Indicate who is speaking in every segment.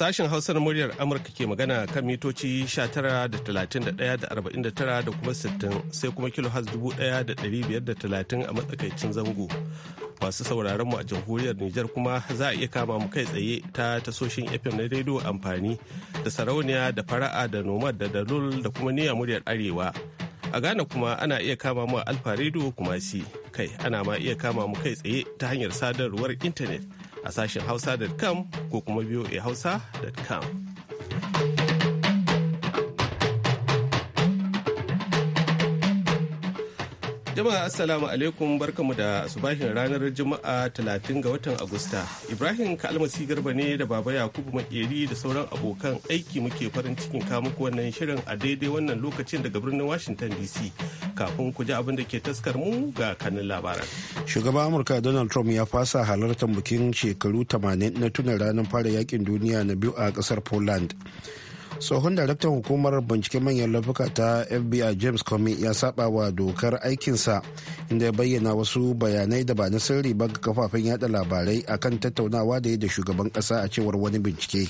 Speaker 1: Sashen Hausar muryar Amurka ke magana kan mitoci 19 da da kuma 60 sai kuma kilohaz 1,530 a matsakaicin zango. Masu sauraron mu a jamhuriyar Nijar kuma za a iya kama mu kai tsaye ta tasoshin FM na rediyo amfani da sarauniya da fara'a da nomad da dalul da kuma niyya muryar arewa. A Ghana kuma ana iya kama mu a Alfa rediyo kuma si kai ana ma iya kama mu kai tsaye ta hanyar sadarwar intanet. a sashen hausa.com ko kuma voahausa.com. Jama'a Assalamu alaikum barkamu da subahin ranar Juma'a 30 ga watan Agusta. Ibrahim Kalmasi Garba ne da Baba Yakubu Makeri da sauran abokan aiki muke farin cikin muku wannan shirin a daidai wannan lokacin daga birnin Washington DC. Kafin ku ji abin da ke taskar mu ga kanin labaran.
Speaker 2: Shugaban Amurka Donald Trump ya fasa halartar bikin shekaru 80 na tunan ranar fara yakin duniya na biyu a kasar Poland. tsohon daraktan hukumar binciken manyan laifuka ta fbi james comey ya saba wa dokar aikinsa inda ya bayyana wasu bayanai da ba na sirri ba ga kafafen yada labarai a kan tattaunawa da ya da shugaban kasa a cewar wani bincike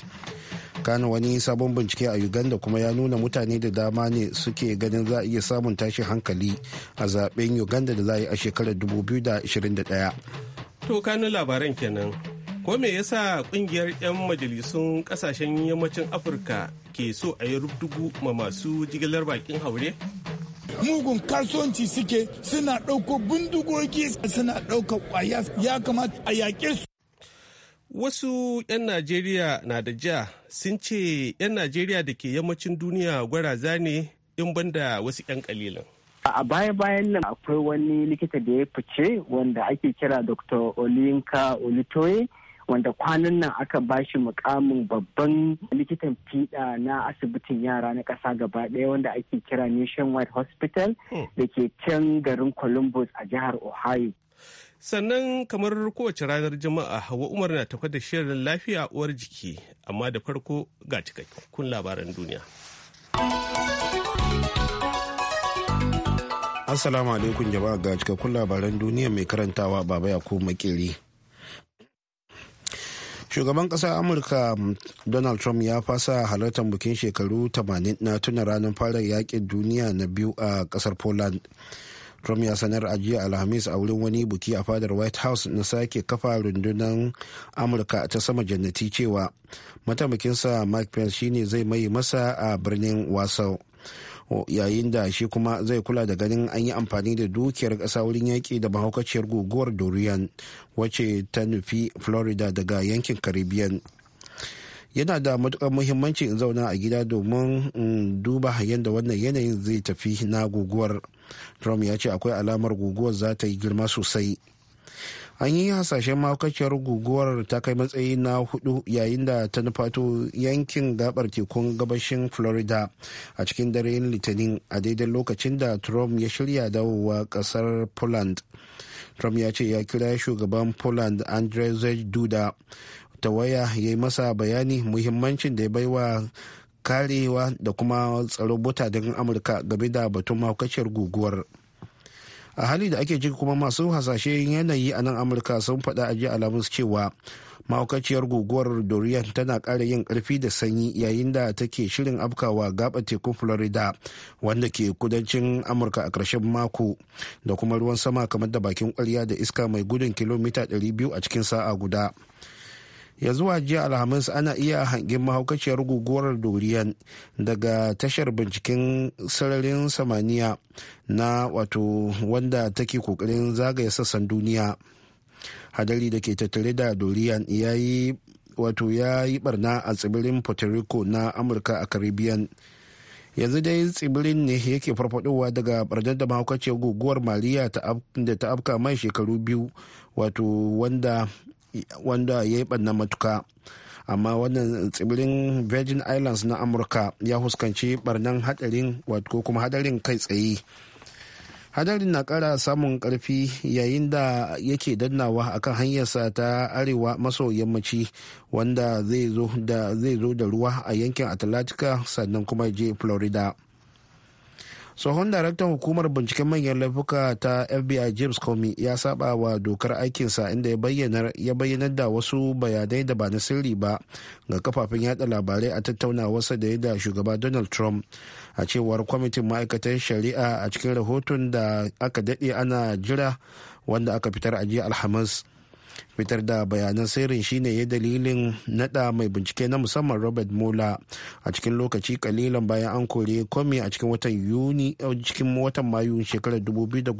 Speaker 2: kana wani sabon bincike a uganda kuma ya nuna mutane da dama ne suke ganin za a iya samun tashin hankali a zaben uganda da za a yi a shekarar 2021
Speaker 1: to kanun labaran kenan ko me yasa kungiyar 'yan majalisun kasashen yammacin afirka ke so a yi rubdugu ma masu jigilar bakin haure mugun kasuwanci suke suna ɗauko bindigogi suna ɗauka kwaya ya kamata a yaƙe su wasu 'yan najeriya na da ja sun ce 'yan najeriya da ke yammacin duniya gwaraza ne in banda wasu 'yan kalilan
Speaker 3: a baya-bayan nan akwai wani likita da ya fice wanda ake kira dr olinka olitoye wanda kwanan nan aka bashi mukamin babban likitan fiɗa na asibitin yara na ƙasa gaba ɗaya wanda ake kira Nationwide Hospital hmm. da ke can garin Columbus a jihar Ohio.
Speaker 1: Sannan kamar kowace ranar Juma'a Hawa Umar na tafa da shirin lafiya uwar jiki amma da farko ga cikakkun labaran duniya.
Speaker 2: Assalamu alaikum jama'a ga cikakkun labaran duniya mai karantawa Baba Yakubu Makeri. shugaban ƙasar amurka um, donald trump ya fasa halartar bikin shekaru 80 na tuna ranar fara yakin duniya na biyu a ƙasar poland trump ya sanar a jiya alhamis a wurin wani buki a fadar white house na sake kafa rundunar amurka ta sama jannati cewa mataimakinsa mike pence shine zai mai masa a birnin wasau yayin da shi kuma zai kula da ganin an yi amfani da dukiyar ƙasa wurin yaƙi da mahaukaciyar guguwar dorian wacce ta nufi florida daga yankin caribbean yana da matukar muhimmanci in zauna a gida domin mm, duba yadda wannan yanayin zai tafi na guguwar trump ya ce akwai alamar guguwar za ta yi girma sosai an yi hasashen mahaukaciyar guguwar ta kai matsayi na hudu yayin da ta nufato yankin gabar tekun gabashin florida a cikin daren litinin a daidai lokacin da trump ya shirya dawowa kasar poland trump ya ce ya kira shugaban poland andrzej duda ta waya ya yi masa bayani muhimmancin da ya baiwa karewa da kuma tsaro bota don amurka game da batun mahaukaciyar guguwar. a hali da ake ciki kuma masu hasashe yanayi a nan amurka sun faɗa a jiya alamus cewa mahaukaciyar guguwar dorian tana ƙara yin ƙarfi da sanyi yayin da take shirin afkawa gaɓa tekun florida wanda ke kudancin amurka a ƙarshen mako da kuma ruwan sama kamar da bakin ƙwarya da iska mai gudun kilomita 200 a cikin sa'a guda ya zuwa jiya alhamis ana iya hangin mahaukaciyar guguwar dorian daga tashar binciken sararin samaniya na wato wanda take kokarin zagaya sassan duniya hadari da ke tattare da dorian ya yi wato ya yi barna a tsibirin puerto rico na amurka a caribbean yanzu dai tsibirin ne yake farfadowa daga barnar da mahaukaciyar guguwar maliya da ta afka mai shekaru biyu wato wanda wanda ya yi ɓanna matuka amma wannan tsibirin virgin islands na amurka ya huskanci barnan hadarin wato kuma hadarin kai tsaye hadarin na ƙara samun ƙarfi yayin da yake dannawa akan hanyarsa ta arewa maso yammaci wanda zai zo da ruwa a yankin atlantika sannan kuma je florida tsohon daraktan hukumar binciken manyan laifuka ta fbi james comey ya saba wa dokar aikinsa inda ya bayyanar da wasu bayanai da ba na sirri ba ga kafafen yada labarai a tattaunawarsa da ya da shugaba donald trump a cewar kwamitin ma'aikatan shari'a a cikin rahoton da aka daɗe ana jira wanda aka fitar a jiya alhamis fitar da bayanan sirrin shine ya dalilin nada mai bincike na musamman robert mola a cikin lokaci kalilan bayan an kore komi a cikin watan yuni cikin watan mayu shekarar 2017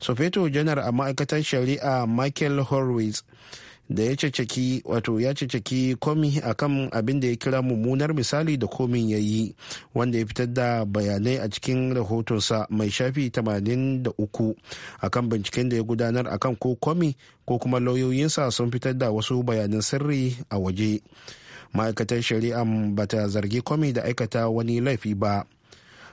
Speaker 2: sofeto janar a ma'aikatar shari'a michael horwitz da ya ceceki wato ya ceceki komi akan abin da ya kira mummunar misali da komin ya yi wanda ya fitar da bayanai a cikin rahotonsa mai shafi 83 akan binciken da ya gudanar akan ko komi ko kuma lauyoyinsa sun fitar da wasu bayanan sirri a waje ma'aikatar shari'a ba ta zargi komi da aikata wani laifi ba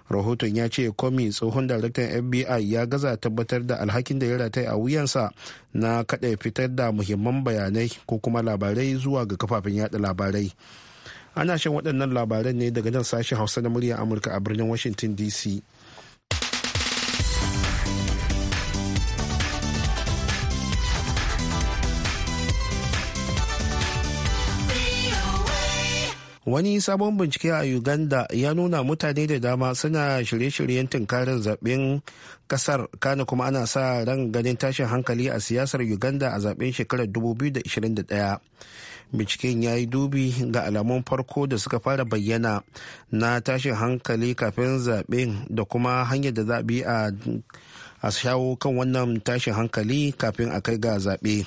Speaker 2: rahoton ya ce komi tsohon daraktan fbi ya gaza tabbatar da alhakin da ya rataya a wuyansa na kaɗa fitar da muhimman bayanai ko kuma labarai zuwa ga kafafen yada labarai ana shan waɗannan labaran ne daga nan sashen hausa na murya amurka a birnin washington dc wani sabon bincike a uganda ya nuna mutane da dama suna shirye-shiryen tunkarin zaben kasar kana kuma ana sa ran ganin tashin hankali a siyasar uganda a zaben shekarar 2021 binciken ya yi dubi ga alamun farko da suka fara bayyana na tashin hankali kafin zaben da kuma hanyar da zaɓe a shawo kan wannan tashin hankali kafin a kai ga zaɓe.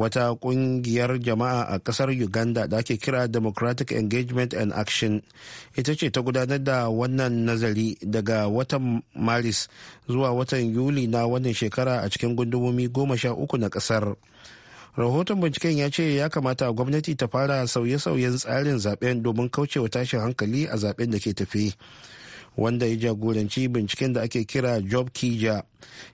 Speaker 2: wata kungiyar jama'a a kasar uganda da ake kira democratic engagement and action ita ce ta gudanar da wannan nazari daga watan maris zuwa watan yuli na wannan shekara a cikin gundumomi goma sha uku na kasar rahoton binciken ya ce ya kamata gwamnati ta fara sauye-sauyen tsarin zaben domin kaucewa tashin hankali a zaben da ke tafi. wanda ya jagoranci binciken da ake kira job kija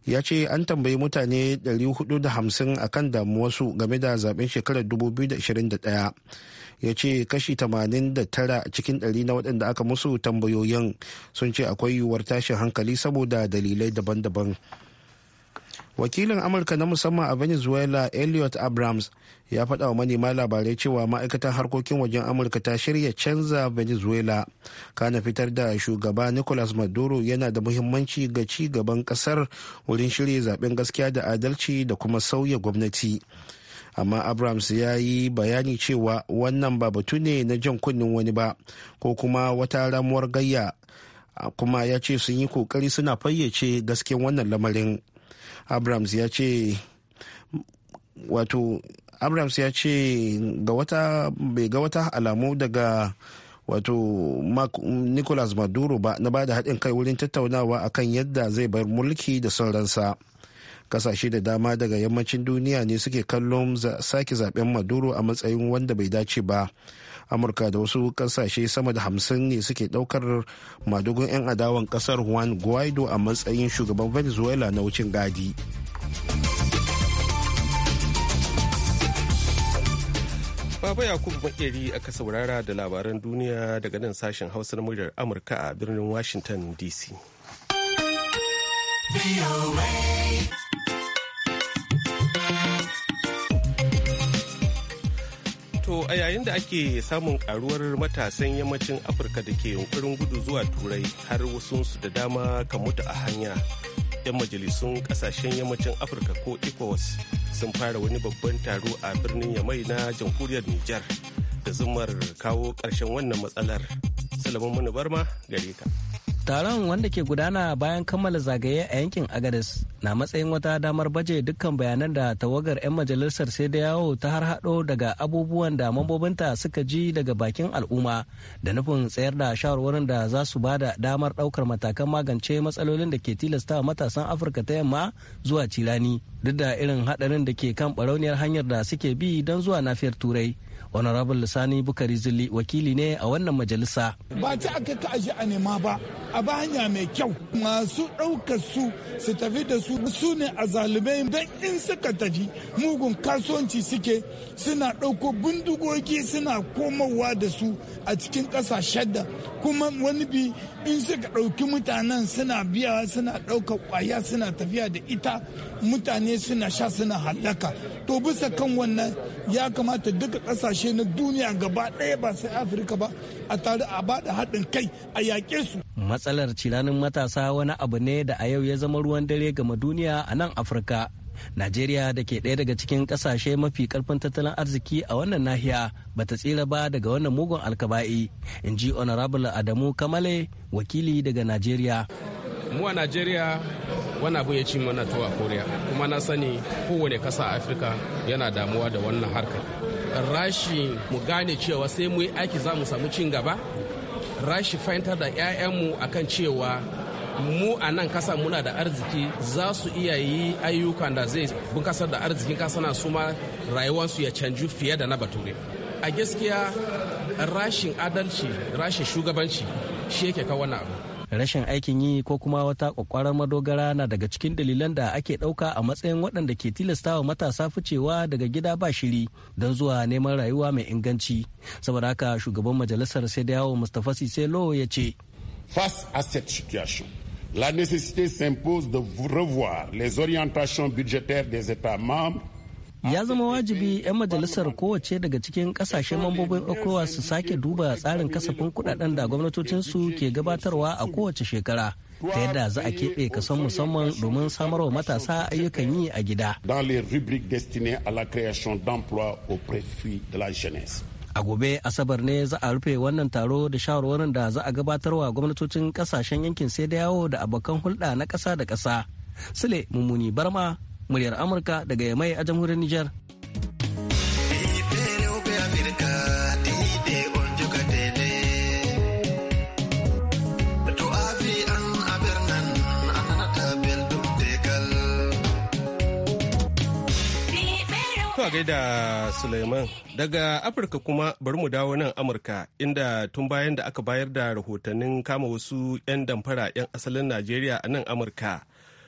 Speaker 2: ya ce an tambayi mutane 450 a kan damuwarsu game da zaben shekarar 2021 ya ce kashi 89 cikin 100 na waɗanda aka musu tambayoyin sun ce akwai yiwuwar tashin hankali saboda dalilai daban-daban. wakilin amurka na musamman a venezuela elliot abrams ya faɗa wa manema labarai cewa ma'aikatan harkokin wajen amurka ta shirya canza venezuela kana fitar da shugaba nicolas maduro yana da muhimmanci ga ci gaban ƙasar wurin shirya zaben gaskiya da adalci da kuma sauya gwamnati amma abrams ya yi bayani cewa wannan ba batu ne na jan kunnen wani ba ko kuma wata ramuwar gayya kuma ya ce sun yi kokari suna fayyace gasken wannan lamarin abrams ya ce wato abrams ya ce bai ga wata alamu daga wato nicholas maduro ba na bada haɗin kai wurin tattaunawa akan yadda zai bar mulki da sauransa kasashe da dama daga yammacin duniya ne suke kallon sake zaben maduro a matsayin wanda bai dace ba amurka da wasu kasashe sama da hamsin ne suke daukar madugun 'yan adawan kasar juan guaido a matsayin shugaban venezuela na wucin gadi
Speaker 1: Baba Yakubu Makeri aka saurara da labaran duniya daga nan sashen Hausa na muryar Amurka a birnin Washington DC. To a yayin da ake samun karuwar matasan yammacin Afirka da ke yunkurin gudu zuwa Turai har wasunsu da dama ka mutu a hanya. 'Yan majalisun kasashen yammacin Afirka ko ECOWAS sun fara wani babban taro a birnin Yamai na jamhuriyar Nijar da zumar kawo ƙarshen wannan matsalar. Salamun Muni Barma gare ka.
Speaker 4: taron wanda ke gudana bayan kammala zagaye a yankin agadis na matsayin wata damar baje dukkan bayanan da tawagar 'yan majalisar sai da yawo ta har hado daga abubuwan da mambobinta suka ji daga bakin al'umma da nufin tsayar da shawarwarin da za su ba da damar daukar matakan magance matsalolin da ke tilasta matasan afirka ta yamma zuwa cirani duk da irin hadarin da ke kan barauniyar hanyar da suke bi don zuwa nafiyar turai honorable sani bukari zilli wakili ne a wannan majalisa ba ta aka ka
Speaker 1: aji a nema ba a ba hanya mai kyau masu ɗaukar su su tafi da su su ne a zalumai don in suka tafi mugun kasuwanci suke suna ɗauko bindigogi suna komowa da su a cikin ƙasashen da kuma wani bi in suka ɗauki mutanen suna biya suna ɗaukar ƙwaya suna tafiya da ita mutane suna sha suna hallaka to bisa kan wannan ya kamata duka ƙasashe na duniya gaba ɗaya ba sai afirka ba a tare a bada haɗin kai a yaƙe su
Speaker 4: matsalar ciranin matasa wani abu ne da a yau ya zama ruwan dare game duniya a nan afirka najeriya da ke ɗaya daga cikin ƙasashe mafi ƙarfin tattalin arziki a wannan nahiya ba ta tsira ba daga wannan mugun alkaba'i in ji honorable adamu kamale wakili daga najeriya
Speaker 1: mu a najeriya wani abu ya ci mana a koriya kuma na sani kowane ƙasa a afirka yana damuwa da wannan harkar rashi mu gane cewa sai mu yi aiki za mu samu cin gaba rashi fahimtar da 'ya'yanmu akan cewa mu a nan kasa muna da arziki za su iya yi ayyukan da zai bunkasar da arzikin kasa na su ma rayuwarsu ya canju fiye da na bature a gaskiya rashin adalci rashin shugabanci shi yake
Speaker 4: kawo wannan abu rashin aikin yi ko kuma wata kwakwarar madogara na daga cikin dalilan da ake ɗauka a matsayin waɗanda ke tilastawa matasa ficewa daga gida ba shiri don zuwa neman rayuwa mai inganci saboda haka shugaban majalisar sai da yawo mustapha siselo ya ce face à cette situation la nécessité s'impose de revoir les orientations budgétaires des états membres ya zama wajibi 'yan majalisar kowace daga cikin kasashen mambobin okowa su sake duba tsarin kasafin kudaden da gwamnatocinsu ke gabatarwa a kowace shekara ta yadda za a keɓe kason musamman domin samarwa matasa ayyukan yi a gida. la a gobe asabar ne za a rufe wannan taro da shawarwarin da za a gabatar wa gwamnatocin kasashen yankin sai da yawo da abokan hulɗa na ƙasa da ƙasa sule mummuni barma muryar amurka daga yamai a jamhuriyar nijar
Speaker 1: gaida Suleiman. Daga Afirka kuma bari mu dawo nan Amurka inda tun bayan da aka bayar da rahotannin kama wasu 'yan damfara 'yan asalin Najeriya a nan Amurka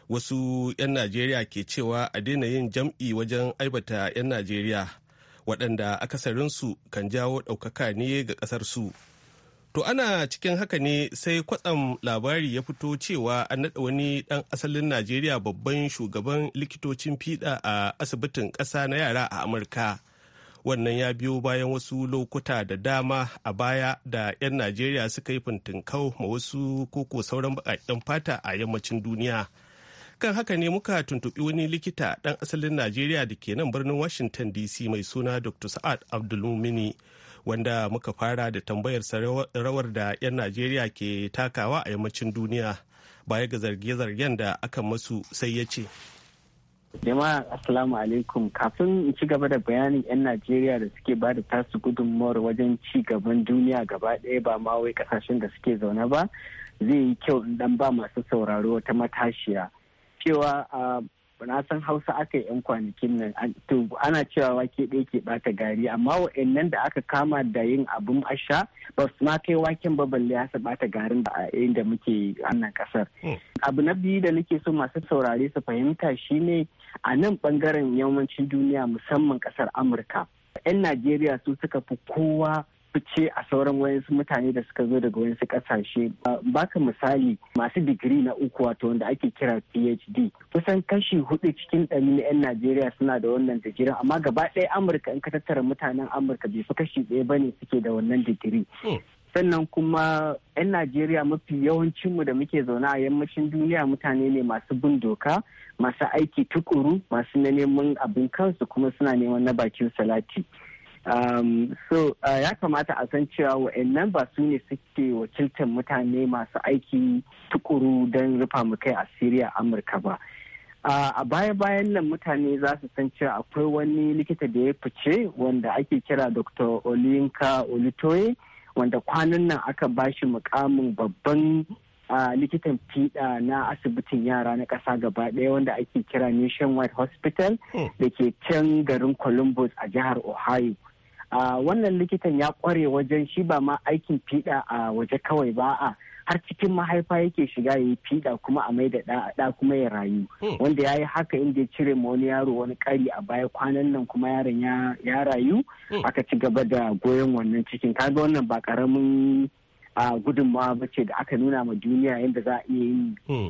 Speaker 1: wasu 'yan najeriya ke cewa a daina yin jam'i wajen aibata 'yan najeriya waɗanda akasarinsu kan jawo ɗaukaka ne ga ƙasarsu to ana cikin haka ne sai kwatsam labari ya fito cewa an naɗa wani ɗan asalin najeriya babban shugaban likitocin fiɗa a asibitin ƙasa na yara a amurka wannan ya biyo bayan wasu lokuta da dama a baya da 'yan najeriya suka yi fintinkau ma wasu koko sauran baƙaƙen fata a yammacin duniya kan haka ne muka tuntuɓi wani likita ɗan asalin najeriya da ke nan birnin washington dc mai suna dr sa'ad abdulmumini wanda muka fara da tambayar rawar da 'yan najeriya ke takawa a yammacin duniya baya ga zarge-zargen da aka masu sai ya ce
Speaker 3: jama'a assalamu alaikum kafin in ci gaba da bayanin 'yan najeriya da suke ba da tasu gudunmawar wajen ci gaban duniya gaba ɗaya ba ma wai kasashen da suke zaune ba zai yi kyau in dan ba masu sauraro wata matashiya cewa na san hausa aka yi 'yan kwanakin nan ana cewa wake ɗaya ke bata gari amma wa'annan da aka kama da yin abin asha ba su ma kai waken ba balle ya su bata garin ba a inda muke wannan kasar hmm. abu na biyu da nake so masu saurare su fahimta shine a nan bangaren yawancin duniya musamman kasar amurka 'yan najeriya su suka fi kowa fice a sauran wayansu mutane da suka zo daga wayansu kasashe baka misali masu digiri na uku wato wanda ake kira phd kusan kashi hudu cikin ɗari na 'yan najeriya suna da wannan digiri amma gaba ɗaya amurka in ka tattara mutanen amurka bai fi kashi ɗaya ne suke da wannan digiri hmm. sannan kuma 'yan najeriya mafi yawancinmu da muke zaune a yammacin duniya mutane ne masu bin doka masu aiki tukuru masu na neman abin kansu kuma suna neman na bakin salati Um, so uh, ya kamata a san cewa wa'annan ba su ne suke wakiltar mutane masu aiki tukuru don rufa mu kai a Siriya Amurka ba. a baya-bayan nan mutane za su san cewa akwai wani likita da ya fice wanda ake kira dr olinka olitoye wanda kwanan nan aka bashi mukamin babban likitan fiɗa na asibitin yara na ƙasa gaba ɗaya wanda ake kira nationwide hospital hmm. da ke can garin columbus a jihar ohio wannan likitan ya kware wajen shi ba ma aikin fiɗa a waje kawai ba a har cikin mahaifa yake shiga ya yi fiɗa kuma a mai da ɗa kuma ya rayu hmm. wanda ya yi haka inda ya cire ma wani yaro wani ƙari a baya kwanan nan kuma yaron ya rayu hmm. aka ci gaba da goyon wannan cikin kaga wannan ba ƙaramin gudunmawa ba ce da aka nuna ma duniya yadda za a iya yin hmm.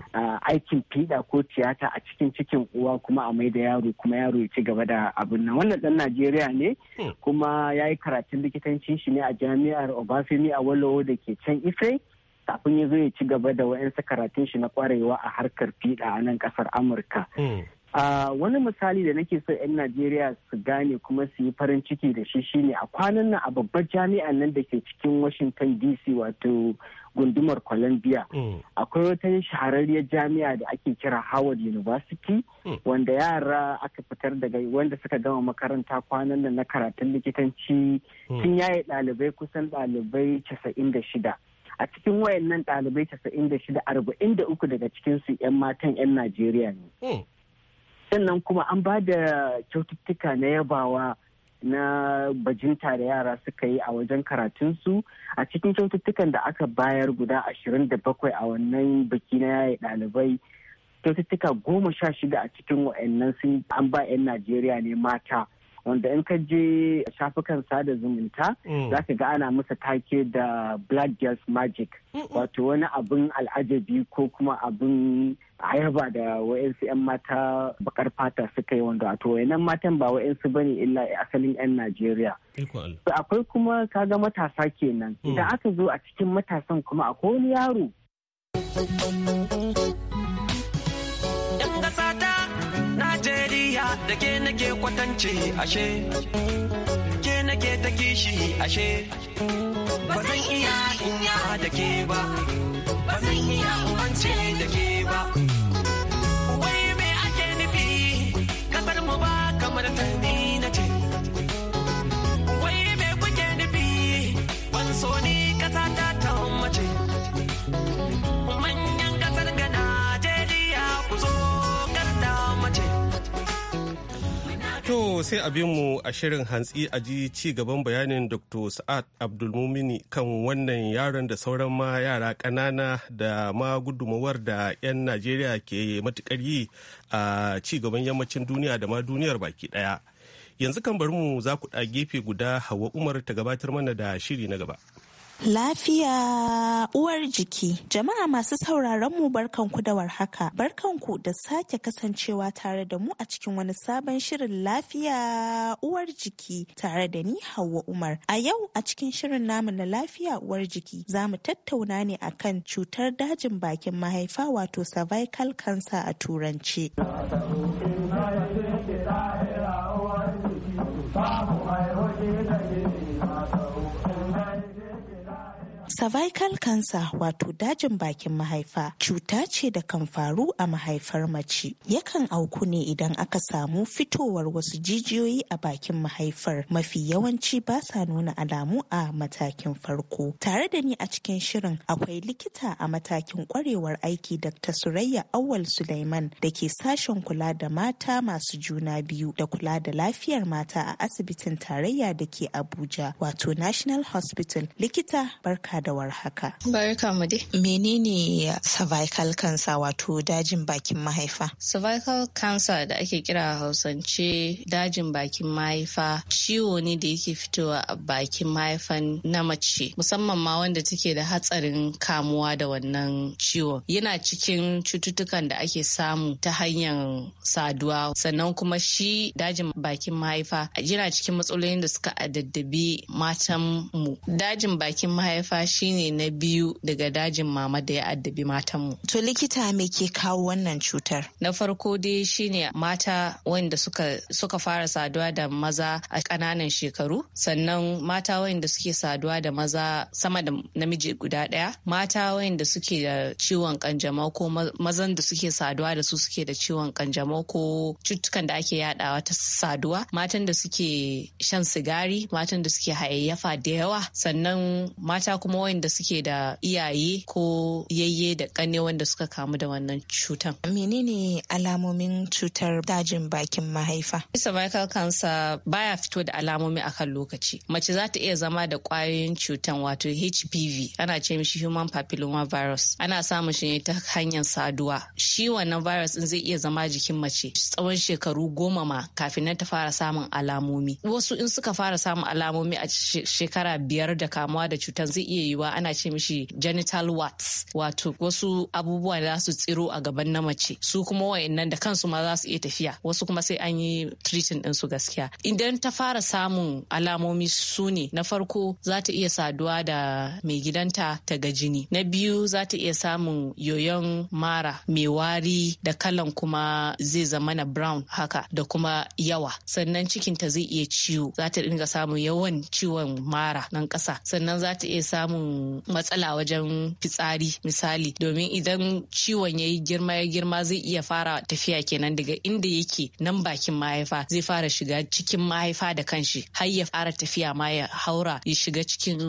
Speaker 3: aikin fiɗa ko tiyata a cikin cikin uwa kuma a mai da yaro kuma yaro ya ci gaba da abin nan wannan ɗan najeriya ne hmm. kuma ya yi karatun likitancin shi ne a jami'ar obafemi a walowo da ke can isai kafin ya zo ya ci gaba da wa'yansu karatun shi na kwarewa a harkar fiɗa a nan ƙasar amurka hmm. Uh, wani misali da nake so 'yan Najeriya su gane kuma su yi farin ciki da shi shine a kwanan nan a babbar jami'an nan da ke cikin Washington DC wato gundumar Columbia. Mm. Akwai wata shahararriyar jami'a da ake kira Howard University mm. wanda yara aka fitar daga wanda suka gama makaranta kwanan nan na karatun likitanci mm. sun mm. yaye ɗalibai kusan ɗalibai casa'in da shida. a cikin wayannan ɗalibai da uku daga cikinsu 'yan matan 'yan Najeriya ne. Mm. sannan kuma an ba da kyaututtuka na yabawa na bajinta da yara suka yi a wajen karatunsu a cikin kyaututtukan da aka bayar guda ashirin da bakwai a wannan biki na yaye ɗalibai kyaututtuka goma sha shida a cikin wa'annan sun an ba 'yan najeriya ne mata wanda in ka je shafukan sada zumunta mm. za ka ga ana masa take da black girls magic wato wani abin al'ajabi ko kuma abin ayaba da wa'yansu 'yan mata bakar fata suka yi wanda wato wayannan matan ba wa'yansu bane illa asalin 'yan najeriya akwai kuma kaga matasa kenan mm. idan aka zo a cikin matasan kuma akwai wani yaro
Speaker 4: da ke nake kwatance ashe ke nake ta kishi ashe ba zan iya inya da ke ba ba zan iya umance da ke ba wai me ake nufi kasar mu ba kamar tani na ce wai me kuke nufi ban so ni kasa ta
Speaker 1: sai a mu a shirin hantsi a ji ci gaban bayanin Dr. Sa'ad Abdulmumini kan wannan yaron da sauran ma yara kanana da ma gudumawar da 'yan Najeriya ke matukar yi a ci gaban yammacin duniya da ma duniyar baki ɗaya. Yanzu kan bari mu za ku ɗa gefe guda Hawa Umar ta gabatar mana da shiri na gaba.
Speaker 5: Lafiya uwar jiki. Jama'a masu sauraron mu barkanku da warhaka. Barkanku da sake kasancewa tare da mu a cikin wani sabon shirin lafiya uwar jiki tare da ni Hauwa Umar. A yau a cikin shirin namu na lafiya uwar jiki za mu tattauna ne akan cutar dajin bakin mahaifa wato cervical cancer a turanci. Cervical cancer wato dajin bakin mahaifa cuta ce da kan faru a mahaifar mace. Yakan auku ne idan aka samu fitowar wasu jijiyoyi a bakin mahaifar mafi yawanci ba sa nuna alamu a matakin farko. Tare da ni a cikin shirin akwai likita a matakin kwarewar aiki Dr. Surayya Awal Suleiman da ke sashen kula da mata masu juna biyu da kula da lafiyar mata a asibitin tarayya da ke Abuja wato National Hospital. Likita barka da warhaka. Barka mu dai. Menene cervical cancer wato dajin bakin mahaifa?
Speaker 6: Cervical cancer da ake kira a Hausance dajin bakin mahaifa ciwo ne da yake fitowa a bakin mahaifan na mace musamman ma wanda take da hatsarin kamuwa da wannan ciwo Yana cikin cututtukan da ake samu ta hanyar saduwa sannan kuma shi dajin bakin mahaifa yana cikin matsalolin da suka addabi matan mu. Dajin bakin mahaifa shine na biyu daga dajin mama da ya addabi matanmu. To likita me ke kawo wannan cutar? Na farko dai shine mata wanda suka, suka fara saduwa da maza a ƙananan shekaru, sannan mata wanda suke saduwa da maza sama da namiji guda ɗaya, mata wanda suke da ciwon kanjamau ko mazan da suke saduwa da su suke da ciwon kanjamau ko cututtukan da ake yadawa ta saduwa, matan da suke shan sigari, matan da suke hayayyafa da yawa, sannan mata kuma kuma wanda suke da iyaye ko yayye da kanne wanda suka kamu da wannan cutan. Menene alamomin cutar
Speaker 5: dajin bakin mahaifa?
Speaker 6: Cervical cancer baya fito da alamomi a kan lokaci. Mace za ta iya zama da kwayoyin cutan wato HPV ana ce mishi human papilloma virus. Ana samun shi ne ta hanyar saduwa. Shi wannan virus in zai iya zama jikin mace tsawon shekaru goma ma kafin nan ta fara samun alamomi. Wasu in suka fara samun alamomi a shekara biyar da kamuwa da cutan zai iya yiwuwa ana ce mishi genital warts wato wasu abubuwa da su tsiro a gaban na mace su kuma wayannan da kansu ma za su iya tafiya wasu kuma sai an yi treating din su gaskiya idan ta fara samun alamomi su ne na farko za ta iya saduwa da mai gidanta ta ga jini na biyu za ta iya samun yoyon mara mai wari da kalan kuma zai zama na brown haka da kuma yawa sannan cikinta zai iya ciwo za ta dinga samun yawan ciwon mara nan ƙasa sannan za ta iya samun samun matsala wajen fitsari misali domin idan ciwon ya yi girma ya girma zai iya fara tafiya kenan daga inda yake nan bakin mahaifa zai fara shiga cikin mahaifa da kanshi har ya fara tafiya ma ya haura ya shiga cikin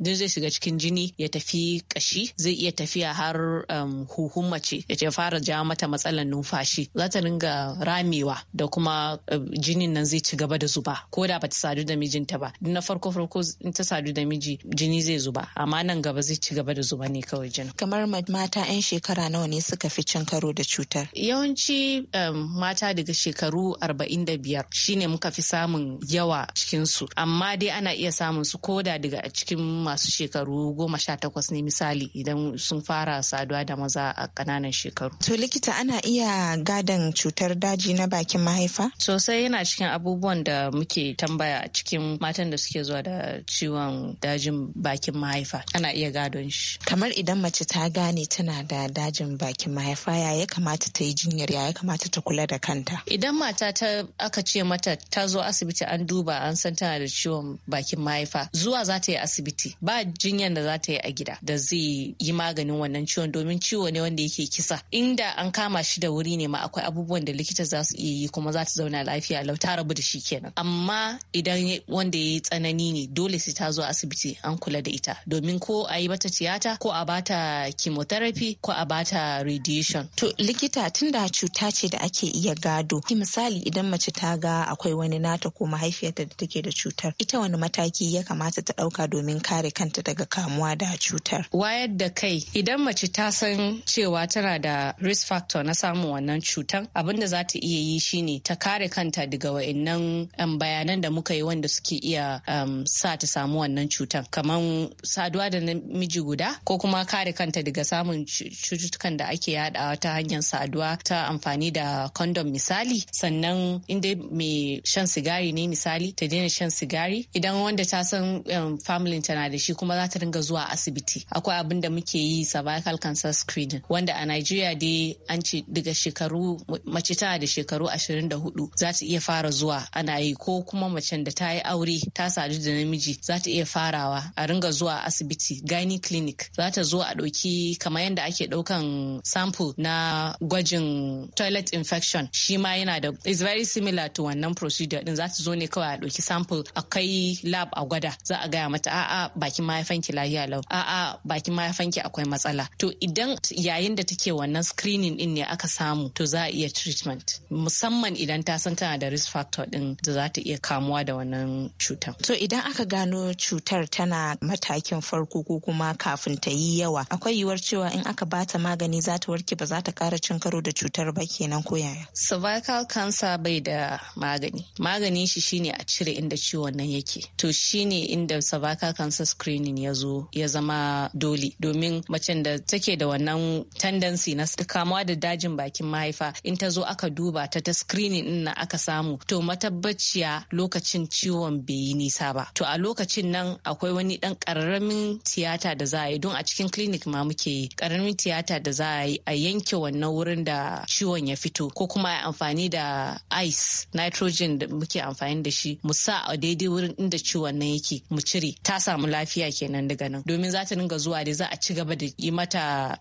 Speaker 6: zai shiga cikin jini ya tafi kashi zai iya tafiya har um, huhun mace ya fara ja mata matsalar numfashi za ta ringa ramewa da kuma um, jinin nan zai ci gaba da zuba ko da bata sadu da mijinta ba na farko farko in ta sadu da miji jini zai zuba amma nan gaba zai ci gaba da zuba ne kawai jin. kamar mata 'yan shekara nawa ne suka fi cin karo da cutar yawanci um, mata daga shekaru 45 shine muka fi samun yawa cikinsu amma dai ana iya samun su koda daga cikin masu shekaru 18 ne misali idan sun fara saduwa da maza a kananan shekaru to likita ana iya gadon cutar daji na bakin mahaifa sosai yana cikin abubuwan da muke tambaya cikin matan da suke zuwa da ciwon dajin baki. bakin mahaifa ana iya gadon shi kamar idan mace ta
Speaker 5: gane tana da dajin bakin mahaifa ya ya kamata ta yi jinyar ya ya kamata ta kula da kanta
Speaker 6: idan mata ta aka ce mata ta zo asibiti an duba an san tana da ciwon bakin mahaifa zuwa za ta yi asibiti ba jinyar da za ta yi a gida da zai yi maganin wannan ciwon domin ciwo ne wanda yake kisa inda an kama shi da wuri ne ma akwai abubuwan da likita za su iya yi kuma za ta zauna lafiya lau ta rabu da shi kenan amma idan wanda ya yi tsanani ne dole sai ta zo asibiti an kula da da ita domin ko a yi mata tiyata ko a bata chemotherapy ko a bata radiation. To likita tunda cuta ce da ake iya
Speaker 5: gado misali idan mace ta ga akwai wani nata ko mahaifiyarta da take da cutar ita wani mataki ya kamata ta ɗauka domin kare kanta daga kamuwa da cutar.
Speaker 6: Wayar da kai idan mace ta san cewa tana da risk factor na samun wannan cutar abin da za ta iya yi shine ta kare kanta daga wa'annan um, bayanan da muka yi wanda suke iya um, sa ta samu wannan cutar kamar saduwa da namiji guda ko kuma kare kanta daga samun cututtukan da ake yadawa ta hanyar saduwa ta amfani da kondom misali sannan inda mai shan sigari ne misali ta daina shan sigari idan wanda ta san um, familin tana da shi kuma za ta ringa zuwa asibiti akwai abin da muke yi cervical cancer screening wanda a Najeriya dai an ce daga shekaru mace tana da shekaru 24 za ta iya fara zuwa ana yi ko kuma macen da ta yi aure ta sadu da namiji za ta iya farawa a ringa zuwa asibiti gani clinic za ta zo a ɗauki kamar yadda ake ɗaukan sample na gwajin toilet infection shi ma yana da is very similar to wannan procedure din za ta zo ne kawai a ɗauki sample a kai lab a gwada za a gaya mata a'a bakin mahaifanki lahiya lau a'a bakin mahaifanki akwai matsala to idan yayin da take wannan screening din ne aka samu to za a iya treatment musamman idan ta san tana da risk factor din da za ta iya kamuwa da wannan cutar to idan aka
Speaker 5: gano cutar tana matakin farko ko kuma kafin ta yi yawa akwai yiwuwar cewa in aka bata magani za ta warke ba za ta kara cin karo da cutar ba kenan ko yaya
Speaker 6: cervical cancer bai da magani maganin shi shine a cire inda ciwon nan yake to shine inda cervical cancer screening ya zo ya zama dole domin mace da take da wannan tendency na kamuwa da dajin bakin mahaifa in ta zo aka duba ta ta screening din na aka samu to matabbaciya lokacin ciwon bai yi nisa ba to a lokacin nan akwai wani dan karamin tiyata da za a yi don a cikin clinic ma muke yi karamin tiyata da za a yi a yanke wannan wurin da ciwon ya fito ko kuma a amfani da ice nitrogen da muke amfani da shi mu sa a daidai wurin inda ciwon nan yake mu cire ta samu lafiya kenan daga nan domin za ta ringa zuwa da za a ci gaba da yi mata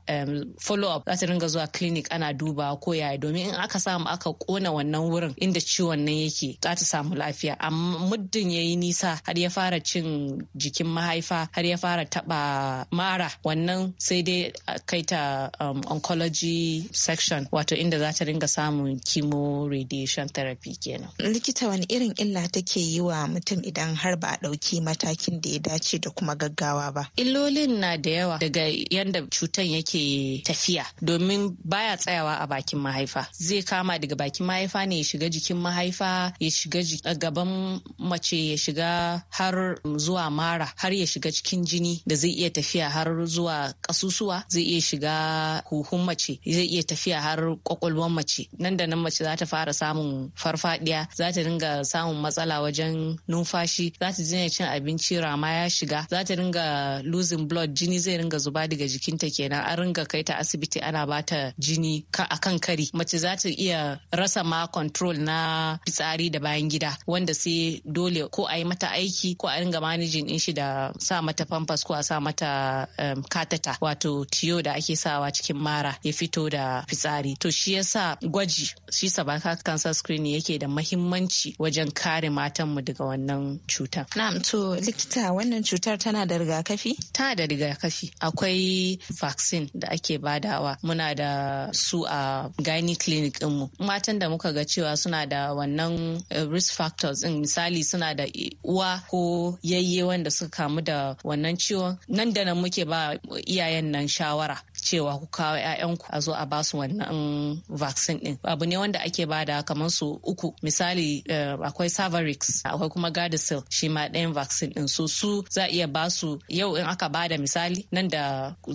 Speaker 6: follow up za ta ringa zuwa clinic ana duba ko yaya domin in aka samu aka kona wannan wurin inda ciwon nan yake za ta samu lafiya amma muddin yayi nisa har ya fara cin jikin mahaifa har ya fara taba mara wannan sai dai kai ta um, oncology section wato inda za ta ringa samun chemo radiation therapy kenan likita wani irin illa take yi wa mutum idan
Speaker 5: har ba a ɗauki matakin da ya dace da kuma gaggawa ba
Speaker 6: illolin na da yawa daga yanda cutan yake tafiya domin baya tsayawa a bakin mahaifa zai kama daga bakin mahaifa ne ya shiga jikin mahaifa ya shiga gaban mace ya shiga har zuwa mara har ya shiga shiga cikin jini da zai iya tafiya har zuwa kasusuwa zai iya shiga huhun mace zai iya tafiya har kwakwalwar mace nan da nan mace za ta fara samun farfadiya za ta dinga samun matsala wajen numfashi za ta dinga cin abinci rama ya shiga za ta dinga losing blood jini zai ringa zuba daga jikinta kenan an ringa kai ta asibiti ana bata jini a kan kari mace za ta iya rasa ma control na fitsari da bayan gida wanda sai dole ko a yi mata aiki ko a ringa managing din shi da sa mata pampers ko a sa mata um, katata wato tiyo da ake sawa cikin mara ya fito da fitsari to shi yasa gwaji shi sabaka cancer screening yake da mahimmanci wajen kare matanmu daga wannan cutar na'am to likita wannan cutar tana da rigakafi tana da rigakafi akwai vaccine da ake badawa muna da su a gani clinic mu matan da muka ga cewa suna da wannan uh, risk factors din misali suna da uwa ko yayye wanda suka kamu da wannan ciwon nan da nan muke ba iyayen nan shawara cewa ku kawo 'ya'yanku a zo a ba su wannan vaccine din abu ne wanda ake bada kamar su uku misali eh, akwai savarix akwai kuma gardasil shi ma ɗayan vaccine din so su za a iya ba su yau in aka bada misali nan da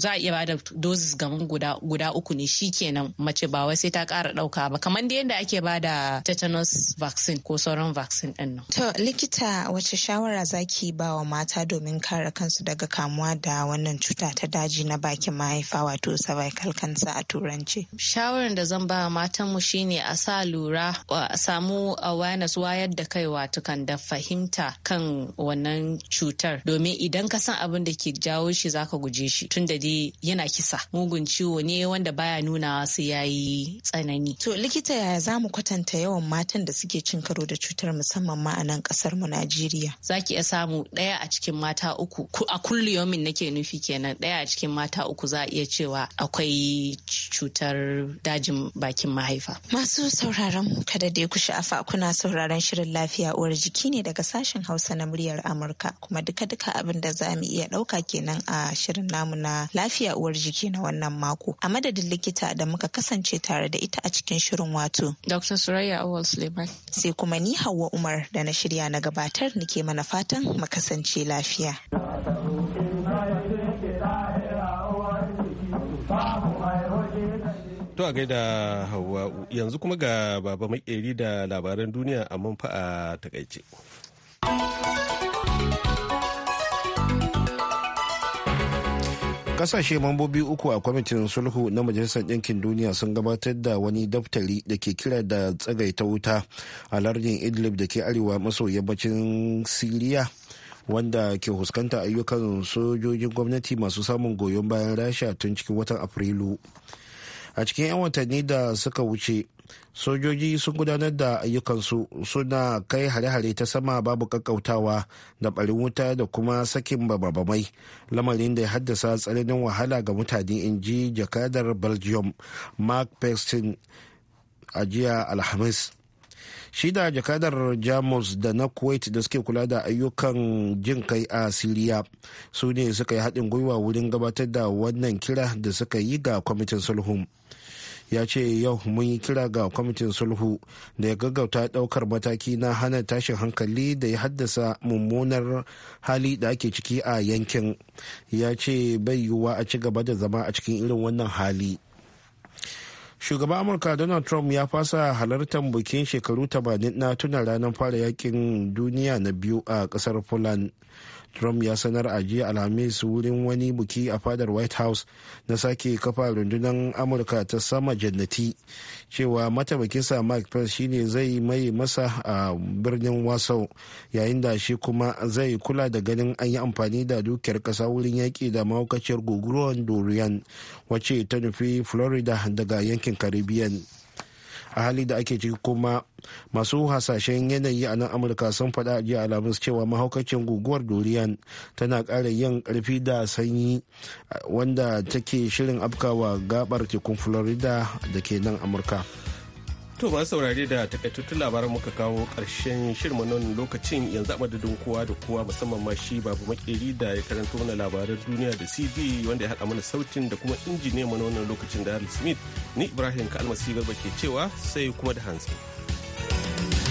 Speaker 6: za a iya bada doses gaman guda guda uku ne shi kenan mace ba wai sai ta kara ɗauka ba kamar da yadda ake da tetanus vaccine ko sauran vaccine din nan.
Speaker 5: to likita wace shawara zaki ba wa mata domin ka kare kansu daga kamuwa da wannan cuta ta daji na bakin mahaifa wato
Speaker 6: cervical cancer a turanci. Shawarar da zan ba matan mu shine a sa lura a samu awareness wayar da kai wato kan da fahimta kan wannan cutar domin idan ka san abin da ke jawo shi zaka guje shi tun da dai yana kisa mugun ciwo ne wanda baya nuna su yayi tsanani. To likita yaya zamu kwatanta
Speaker 5: yawan matan da suke cin karo da cutar musamman ma a nan kasar mu Najeriya?
Speaker 6: Zaki iya samu ɗaya a cikin mata uku a kulli yomin nake nufi kenan daya a cikin mata uku za a iya cewa akwai cutar dajin bakin mahaifa.
Speaker 5: Masu sauraron kada dai ku sha'afa kuna sauraron shirin lafiya uwar jiki ne daga sashen Hausa na muryar Amurka kuma duka-duka abin da za mu iya ɗauka kenan a shirin namu na lafiya uwar jiki na wannan mako. A madadin likita da muka kasance tare da ita a cikin shirin wato. Dr. Suraya Awal Suleiman. Sai kuma ni Hauwa Umar da na shirya na gabatar nike mana fatan mu kasance lafiya.
Speaker 1: To a gaida Hauwa yanzu kuma ga baba makeri da labaran duniya a manfa a takaice.
Speaker 2: Kasashe mambobi uku a kwamitin sulhu na Majalisar Ɗinkin Duniya sun gabatar da wani daftari da ke kira da tsagaita wuta a lardin Idlib da ke arewa maso yammacin Siriya wanda ke huskanta ayyukan sojojin gwamnati masu samun goyon bayan rasha tun cikin watan afrilu a cikin 'yan watanni da suka wuce sojoji sun gudanar da ayyukansu suna kai hare-hare ta sama babu kakkautawa da barin wuta da kuma sakin bababamai lamarin da ya haddasa tsananin wahala ga mutane in ji jakadar belgium mark pestin a jiya alhamis shi da jakadar jamus da na kuwait da suke kula da ayyukan jin kai a siriya su ne suka yi haɗin gwiwa wurin gabatar da wannan kira da suka yi ga kwamitin sulhu ya ce yau mun yi kira ga kwamitin sulhu da ya gaggauta ɗaukar mataki na hana tashin hankali da ya haddasa mummunar hali da ake ciki a yankin ya ce bai yiwuwa a ci gaba da zama a cikin irin wannan hali shugaban amurka donald trump ya fasa halartar bikin shekaru 80 na tuna ranar fara yakin duniya na biyu a kasar poland trump ya sanar a jiya alhamis wurin wani buki a fadar white house na sake kafa rundunar amurka ta sama jannati cewa matabakinsa mike pence shine zai mai masa a birnin wasau yayin da shi kuma zai kula da ganin an yi amfani da dukiyar kasa wurin yaki da mahaukaciyar guguruwan dorian wacce ta nufi florida daga yankin caribbean a hali da ake ciki kuma masu hasashen yanayi a nan amurka sun faɗa a jiya alhamis cewa mahaukacin guguwar dorian tana ƙara yin karfi da sanyi wanda take shirin afkawa gabar tekun florida da ke nan amurka
Speaker 1: To ba saurare da takaitattun labaran muka kawo ƙarshen shirma nan lokacin yanzu a madadin kowa da kowa musamman ma shi babu makeri da ya karanto mana labaran duniya da CD wanda ya haɗa mana sautin da kuma injiniya mana wannan lokacin da Harold Smith ni Ibrahim Kalmasi Garba ke cewa sai kuma da hantsi.